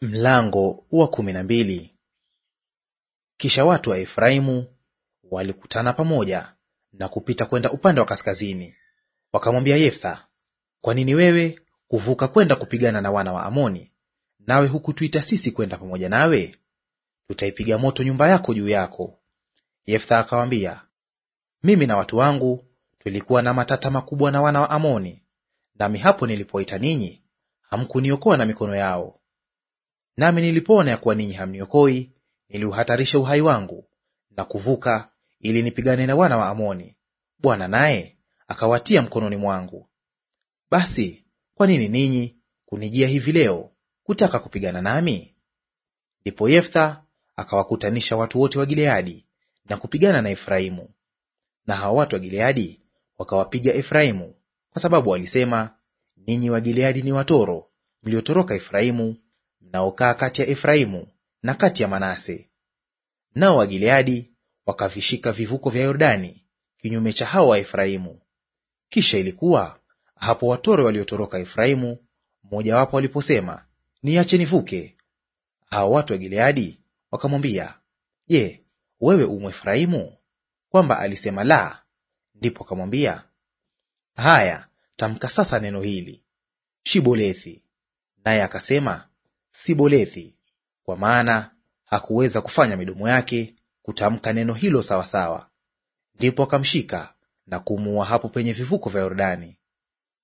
Mlango wa kumi na mbili. Kisha watu wa Efraimu walikutana pamoja na kupita kwenda upande wa kaskazini, wakamwambia Yeftha, kwa nini wewe kuvuka kwenda kupigana na wana wa Amoni, nawe hukutuita sisi kwenda pamoja nawe? Tutaipiga moto nyumba yako juu yako. Yeftha akawaambia, mimi na watu wangu tulikuwa na matata makubwa na wana wa Amoni, nami hapo nilipoita ninyi hamkuniokoa na mikono yao Nami nilipoona ya kuwa ninyi hamniokoi, niliuhatarisha uhai wangu na kuvuka, ili nipigane na wana wa Amoni; Bwana naye akawatia mkononi mwangu. Basi kwa nini ninyi kunijia hivi leo kutaka kupigana nami? Ndipo Yeftha akawakutanisha watu wote wa Gileadi na kupigana na Efraimu. Na hao watu wa Gileadi wakawapiga Efraimu, kwa sababu walisema, ninyi wa Gileadi ni watoro mliotoroka Efraimu mnaokaa kati ya Efraimu na kati ya Manase. Nao Wagileadi wakavishika vivuko vya Yordani kinyume cha hao wa Efraimu. Kisha ilikuwa hapo watoro waliotoroka Efraimu mmojawapo waliposema, niache nivuke, hao watu wa Gileadi wakamwambia, Je, wewe efraimu Kwamba alisema la. Ndipo akamwambia, haya, tamka sasa neno hili, Shibolethi. Naye akasema Sibolethi, kwa maana hakuweza kufanya midomo yake kutamka neno hilo sawasawa. Ndipo akamshika na kumuua hapo penye vivuko vya Yordani.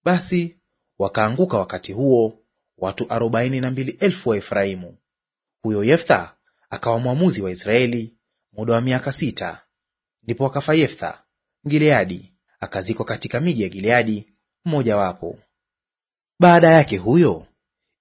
Basi wakaanguka wakati huo watu arobaini na mbili elfu wa Efraimu. Huyo Yeftha akawa mwamuzi wa Israeli muda wa miaka sita. Ndipo akafa Yeftha Gileadi, akazikwa katika miji ya Gileadi mmojawapo. Baada yake huyo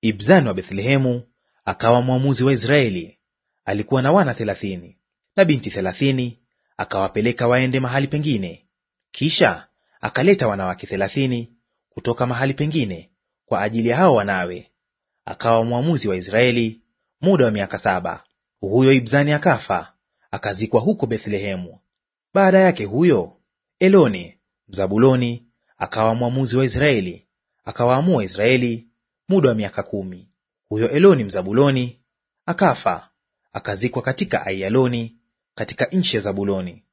Ibzani wa Bethlehemu akawa mwamuzi wa Israeli. Alikuwa na wana thelathini na binti thelathini, akawapeleka waende mahali pengine. Kisha akaleta wanawake thelathini kutoka mahali pengine kwa ajili ya hao wanawe. Akawa mwamuzi wa Israeli muda wa miaka saba. Huyo Ibzani akafa akazikwa huko Bethlehemu. Baada yake huyo Eloni Mzabuloni akawa mwamuzi wa Israeli, akawaamua Israeli muda wa miaka kumi. Huyo Eloni Mzabuloni akafa akazikwa katika Aiyaloni katika nchi ya Zabuloni.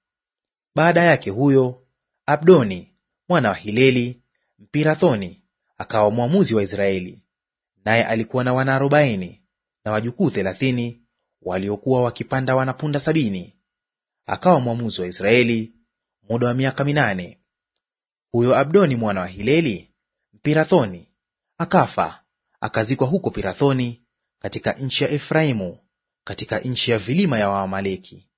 Baada yake huyo Abdoni mwana wa Hileli Mpirathoni akawa mwamuzi wa Israeli, naye alikuwa na wana arobaini na wajukuu thelathini waliokuwa wakipanda wanapunda sabini. Akawa mwamuzi wa Israeli muda wa miaka minane. Huyo Abdoni mwana wa Hileli Mpirathoni akafa akazikwa huko Pirathoni katika nchi ya Efraimu, katika nchi ya vilima ya Waamaleki.